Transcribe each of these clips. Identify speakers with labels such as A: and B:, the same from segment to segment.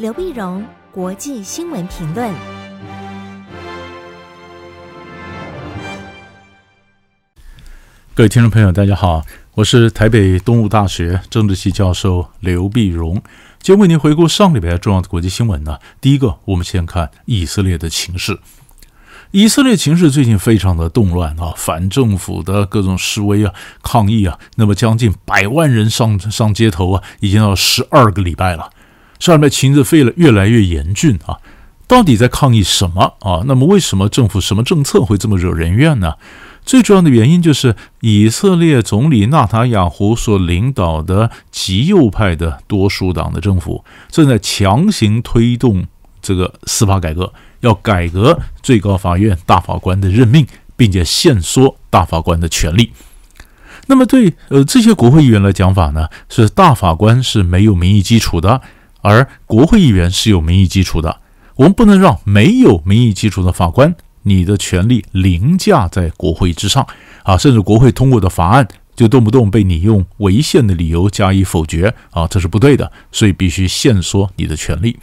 A: 劉必榮，國際新聞評論。各位聽眾朋友，大家好，我是台北東吳大學政治系教授劉必榮，今天為您回顧上禮拜重要的國際新聞呢。第一個，我們先看以色列的情勢。以色列情勢最近非常的動亂啊，反政府的各種示威啊、抗議啊，那麼將近百萬人上上街頭啊，已經要十二個禮拜了。上面情勢變得越來越嚴峻啊！到底在抗議什麼啊？那麼為什麼政府什麼政策會這麼惹人怨呢？最重要的原因就是以色列總理納坦雅胡所領導的極右派的多數黨的政府正在強行推動這個司法改革，要改革最高法院大法官的任命，並且限縮大法官的權力。那麼對呃這些國會議員來講法呢，是大法官是沒有民意基礎的。而國會議員是有民意基礎的，我們不能讓沒有民意基礎的法官，你的權力凌駕在國會之上啊！甚至國會通過的法案，就動不動被你用違憲的理由加以否決啊！這是不對的，所以必須限縮你的權力。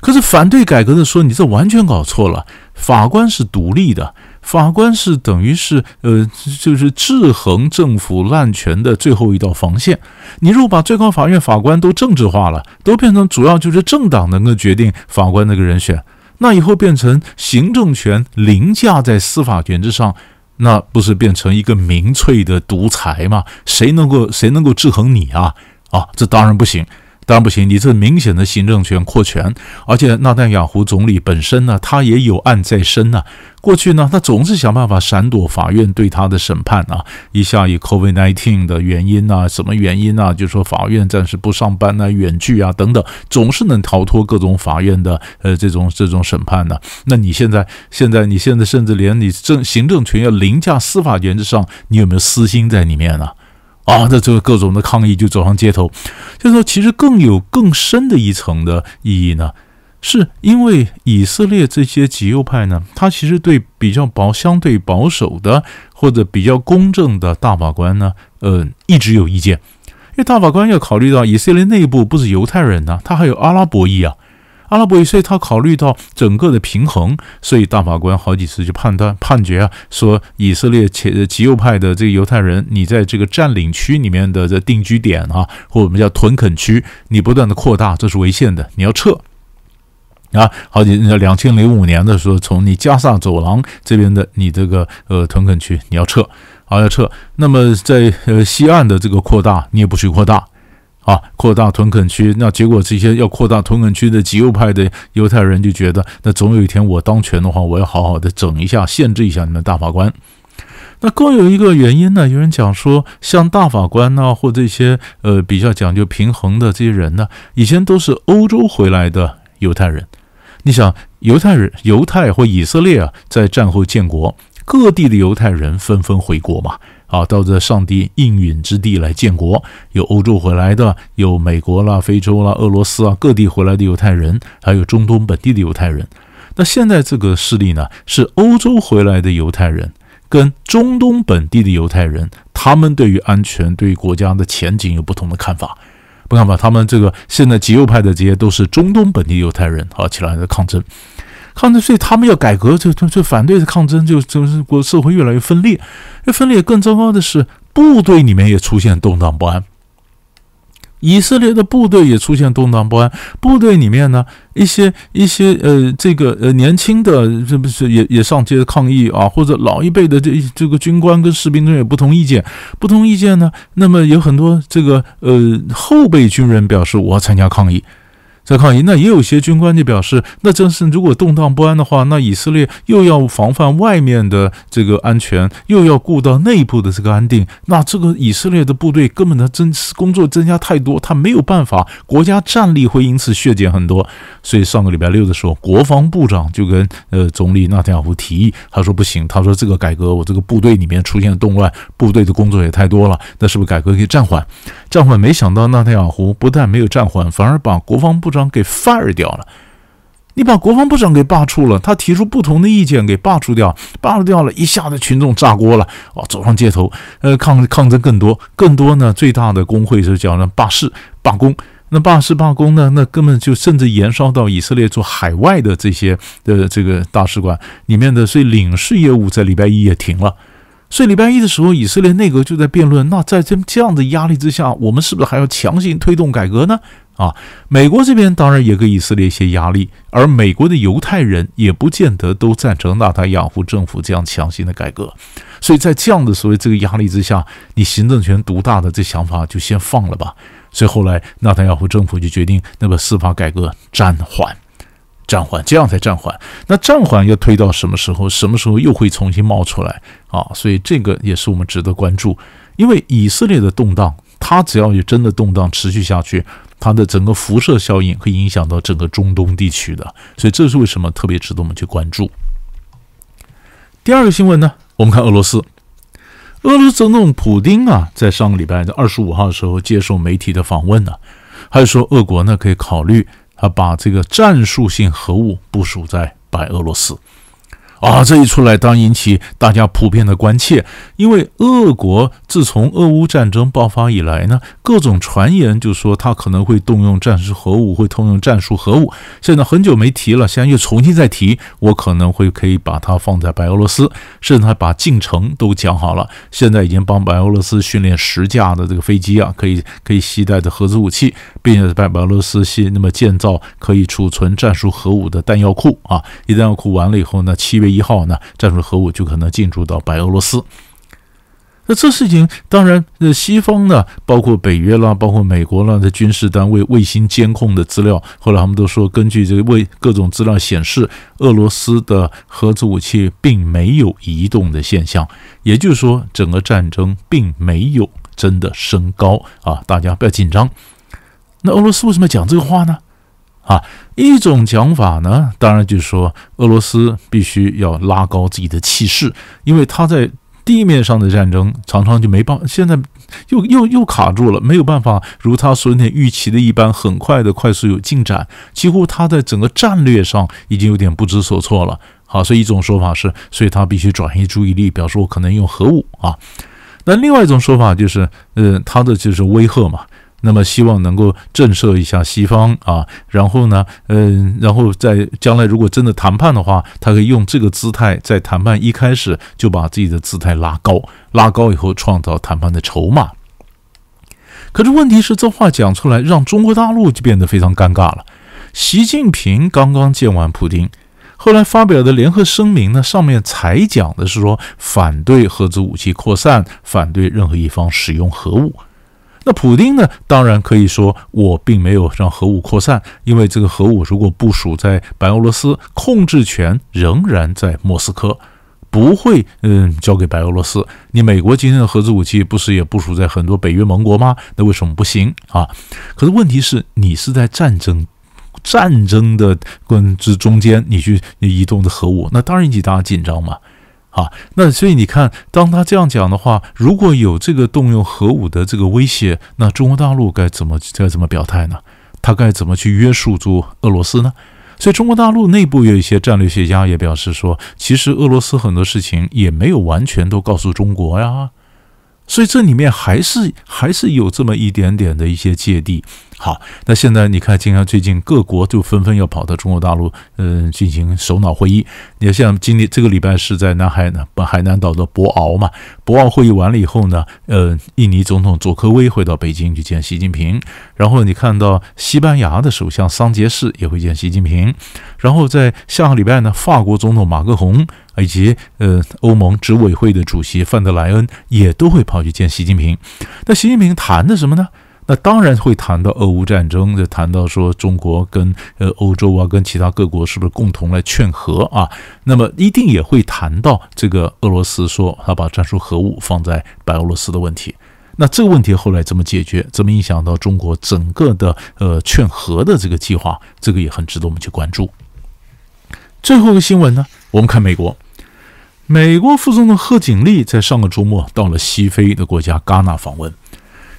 A: 可是反對改革的說，你這完全搞錯了，法官是獨立的。法官是等於是，呃，就是制衡政府濫權的最後一道防線。你如果把最高法院法官都政治化了，都變成主要就是政黨能夠決定法官那個人選，那以後變成行政權凌駕在司法權之上，那不是變成一個民粹的獨裁嗎？誰能夠誰能夠制衡你啊？啊，這當然不行。當然不行，你這明顯的行政權擴權，而且納坦雅胡總理本身呢，他也有案在身呢、啊。過去呢，他總是想辦法閃躲法院對他的審判呢、啊。一下以 COVID nineteen 的原因啊，什麼原因啊，就說法院暫時不上班啊，遠距啊等等，總是能逃脫各種法院的呃這種這種審判呢、啊。那你現在現在你現在甚至連你政行政權要凌駕司法權之上，你有沒有私心在裡面呢、啊？啊，那、哦、這個各種的抗議就走上街頭，就說其實更有更深的一層的意義呢，是因為以色列這些極右派呢，他其實對比較保相對保守的或者比較公正的大法官呢，呃，一直有意見，因為大法官要考慮到以色列內部不是猶太人吶，他還有阿拉伯裔啊。阿拉伯語，所以他考慮到整個的平衡，所以大法官好幾次就判斷判決啊，說以色列極極右派的這個猶太人，你在這個佔領區裡面的這定居點啊，或者我們叫屯墾區，你不斷的擴大，這是違憲的，你要撤。啊，好幾那兩千零五年的時候，從你加薩走廊這邊的你這個呃屯墾區，你要撤，啊要撤。那麼在呃西岸的這個擴大，你也不許擴大。啊，擴大屯墾區，那結果這些要擴大屯墾區的極右派的猶太人就覺得，那總有一天我當權的話，我要好好的整一下，限制一下你們大法官。那更有一個原因呢，有人講說，像大法官吶、啊，或這些呃比較講究平衡的這些人呢，以前都是歐洲回來的猶太人。你想，猶太人、猶太或以色列啊，在戰後建國，各地的猶太人紛紛回國嘛。啊，到這上帝應允之地來建國，有歐洲回來的，有美國啦、非洲啦、俄羅斯啊各地回來的猶太人，還有中東本地的猶太人。那現在這個勢力呢，是歐洲回來的猶太人跟中東本地的猶太人，他們對於安全、對於國家的前景有不同的看法，不看法。他們這個現在極右派的這些都是中東本地猶太人啊起來的抗爭。抗爭，所以他們要改革，就就反對的抗爭，就就是國社會越來越分裂。越分裂，更糟糕的是，部隊裡面也出現動蕩不安。以色列的部隊也出現動蕩不安。部隊裡面呢，一些一些呃，這個呃，年輕的這不是也也上街抗議啊，或者老一輩的這這個軍官跟士兵中有不同意見，不同意見呢，那麼有很多這個呃後備軍人表示我要參加抗議。在抗議，那也有些軍官就表示，那真是如果動盪不安的話，那以色列又要防範外面的這個安全，又要顧到內部的這個安定，那這個以色列的部隊根本的真是工作增加太多，他沒有辦法，國家戰力會因此削減很多。所以上個禮拜六的時候，國防部長就跟呃總理納坦雅胡提議，他說不行，他說這個改革我這個部隊裡面出現動亂，部隊的工作也太多了，那是不是改革可以暫緩？暫緩？沒想到納坦雅胡不但沒有暫緩，反而把國防部長給 fire 掉了，你把國防部長給罷黜了，他提出不同的意見給罷黜掉，罷黜掉了，一下子群眾炸鍋了，哦，走上街頭，呃，抗抗爭更多，更多呢。最大的工會就叫了罷市罷工，那罷市罷工呢，那根本就甚至延燒到以色列駐海外的這些的這個大使館裡面的，所以領事業務在禮拜一也停了。所以禮拜一的時候，以色列內閣就在辯論，那在這這樣的壓力之下，我們是不是還要強行推動改革呢？啊，美國這邊當然也給以色列一些壓力，而美國的猶太人也不見得都贊成納坦雅胡政府這樣強行的改革，所以在這樣的所謂這個壓力之下，你行政權獨大的這想法就先放了吧。所以後來納坦雅胡政府就決定，那把司法改革暫緩，暫緩，這樣才暫緩。那暫緩要推到什麼時候？什麼時候又會重新冒出來啊？所以這個也是我們值得關注，因為以色列的動盪，它只要有真的動盪持續下去。它的整個輻射效應會影響到整個中東地區的，所以這是為什麼特別值得我們去關注。第二個新聞呢，我們看俄羅斯，俄羅斯總統普丁啊，在上個禮拜的二十五號的時候接受媒體的訪問呢、啊，還說俄國呢可以考慮他把這個戰術性核武部署在白俄羅斯。啊、哦，這一出來，當引起大家普遍的關切，因為俄國自從俄烏戰爭爆發以來呢，各種傳言就說他可能會動用戰術核武，會動用戰術核武。現在很久沒提了，現在又重新再提，我可能會可以把它放在白俄羅斯，甚至還把進程都講好了。現在已經幫白俄羅斯訓練十架的這個飛機啊，可以可以攜帶的核子武器，並且在白俄羅斯新那麼建造可以儲存戰術核武的彈藥庫啊，一彈藥庫完了以後呢，七月一號呢，戰術核武就可能進駐到白俄羅斯。那這事情當然，呃，西方呢，包括北約啦，包括美國啦的軍事單位衛星監控的資料，後來他們都說，根據這個衛各種資料顯示，俄羅斯的核子武器並沒有移動的現象。也就是說，整個戰爭並沒有真的升高啊，大家不要緊張。那俄羅斯為什麼講這個話呢？啊，一種講法呢，當然就是說俄羅斯必須要拉高自己的氣勢，因為他在地面上的戰爭常常就沒辦，現在又又又卡住了，沒有辦法如他所那預期的一般，很快的快速有進展，幾乎他在整個戰略上已經有點不知所措了。好，所以一種說法是，所以他必須轉移注意力，表示我可能用核武啊。那另外一種說法就是，呃，他的就是威嚇嘛。那麼希望能夠震懾一下西方啊，然後呢，嗯，然後在將來如果真的談判的話，他可以用這個姿態，在談判一開始就把自己的姿態拉高，拉高以後創造談判的籌碼。可是問題是，這話講出來，讓中國大陸就變得非常尷尬了。習近平剛剛見完普丁，後來發表的聯合聲明呢，上面才講的是說，反對核子武器擴散，反對任何一方使用核武。那普丁呢？當然可以說，我並沒有讓核武擴散，因為這個核武如果部署在白俄羅斯，控制權仍然在莫斯科，不會嗯交給白俄羅斯。你美國今天的核子武器不是也部署在很多北約盟國嗎？那為什麼不行啊？可是問題是你是在戰爭、戰爭的關之中間，你去你移動的核武，那當然引起大家緊張嘛。啊，那所以你看，當他這樣講的話，如果有這個動用核武的這個威脅，那中國大陸該怎麼該怎麼表態呢？他該怎麼去約束住俄羅斯呢？所以中國大陸內部有一些戰略學家也表示說，其實俄羅斯很多事情也沒有完全都告訴中國呀、啊。所以這裡面還是還是有這麼一點點的一些芥蒂。好，那現在你看，經常最近各國就紛紛要跑到中國大陸，嗯、呃，進行首腦會議。你像今天這個禮拜是在南海呢，海南島的博鰲嘛，博鰲會議完了以後呢，呃，印尼總統佐科威會到北京去見習近平。然後你看到西班牙的首相桑杰士也會見習近平。然後在下個禮拜呢，法國總統馬克宏。以及呃，歐盟執委會的主席范德萊恩也都會跑去見習近平。那習近平談的什麼呢？那當然會談到俄烏戰爭，就談到說中國跟呃歐洲啊，跟其他各國是不是共同來勸和啊？那麼一定也會談到這個俄羅斯說他把戰術核武放在白俄羅斯的問題。那這個問題後來怎麼解決？怎麼影響到中國整個的呃勸和的這個計劃？這個也很值得我們去關注。最後一個新聞呢？我們看美國，美國副總統賀錦麗在上個周末到了西非的國家迦納訪問。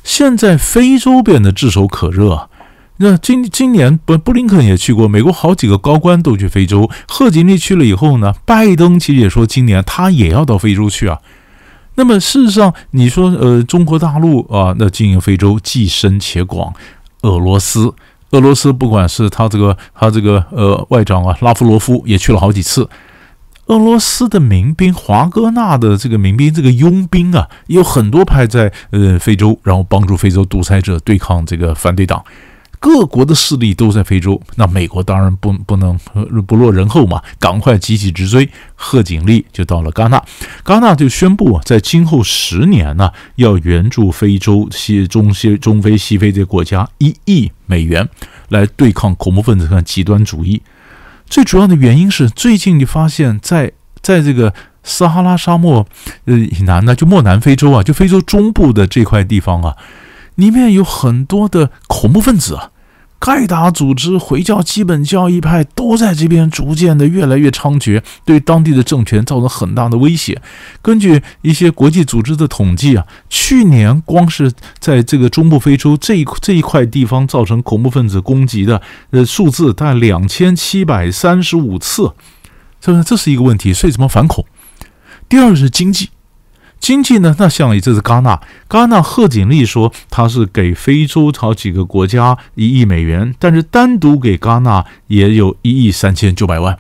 A: 現在非洲變得炙手可熱。那今今年布布林肯也去過，美國好幾個高官都去非洲。賀錦麗去了以後呢，拜登其實也說今年他也要到非洲去啊。那麼事實上，你說呃，中國大陸啊，那經營非洲既深且廣，俄羅斯。俄羅斯不管是他這個他這個呃，外長啊，拉夫羅夫也去了好幾次。俄羅斯的民兵，華哥納的這個民兵，這個傭兵啊，有很多派在呃非洲，然後幫助非洲獨裁者對抗這個反對黨。各國的勢力都在非洲，那美國當然不不能不落人後嘛，趕快急起直追。賀錦麗就到了迦納，迦納就宣布啊，在今後十年呢、啊，要援助非洲西中西中非西非這些國家一億美元，來對抗恐怖分子和極端主義。最主要的原因是，最近你發現在，在在這個撒哈拉沙漠呃以南呢，就漠南非洲啊，就非洲中部的這塊地方啊，裡面有很多的恐怖分子啊。蓋達組織、回教基本教義派都在這邊逐漸的越來越猖獗，對當地的政權造成很大的威脅。根據一些國際組織的統計啊，去年光是在這個中部非洲這一這一塊地方造成恐怖分子攻擊的呃數字，大概兩千七百三十五次，這是一個問題，所以怎麼反恐？第二是經濟。經濟呢？那像，這是迦納，迦納賀錦麗說他是給非洲好幾個國家一億美元，但是單獨給迦納也有一億三千九百萬。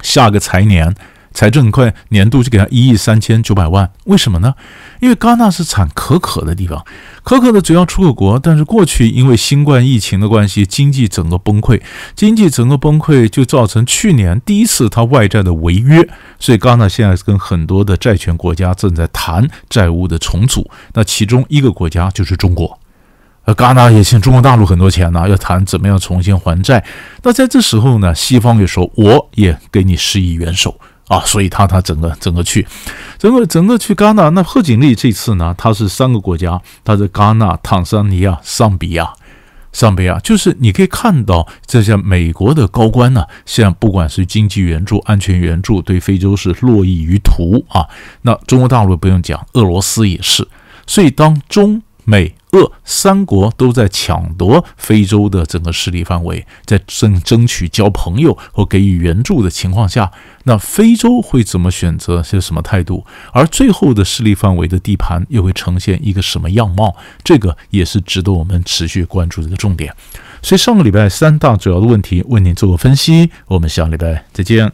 A: 下個財年。財政很快年度就給他一億三千九百萬，為什麼呢？因為迦納是產可可的地方，可可的主要出口國。但是過去因為新冠疫情的關係，經濟整個崩潰，經濟整個崩潰就造成去年第一次它外債的違約。所以迦納現在是跟很多的債權國家正在談債務的重組。那其中一個國家就是中國，呃，迦納也欠中國大陸很多錢呢，啊，要談怎麼樣重新還債。那在這時候呢，西方也說我也給你施以援手。啊，所以他他整個整個去，整個整個去迦納。那賀錦麗這次呢，他是三個國家，他在迦納、坦桑尼亞、尚比亞、尚比亞。就是你可以看到，這些美國的高官呢，現在不管是經濟援助、安全援助，對非洲是絡繹於途啊。那中國大陸不用講，俄羅斯也是。所以當中。美、俄三國都在搶奪非洲的整個勢力範圍，在爭爭取交朋友和給予援助的情況下，那非洲會怎麼選擇，是什麼態度？而最後的勢力範圍的地盤又會呈現一個什麼樣貌？這個也是值得我們持續關注的一個重點。所以上個禮拜三大主要的問題，為您做個分析。我們下個禮拜再見。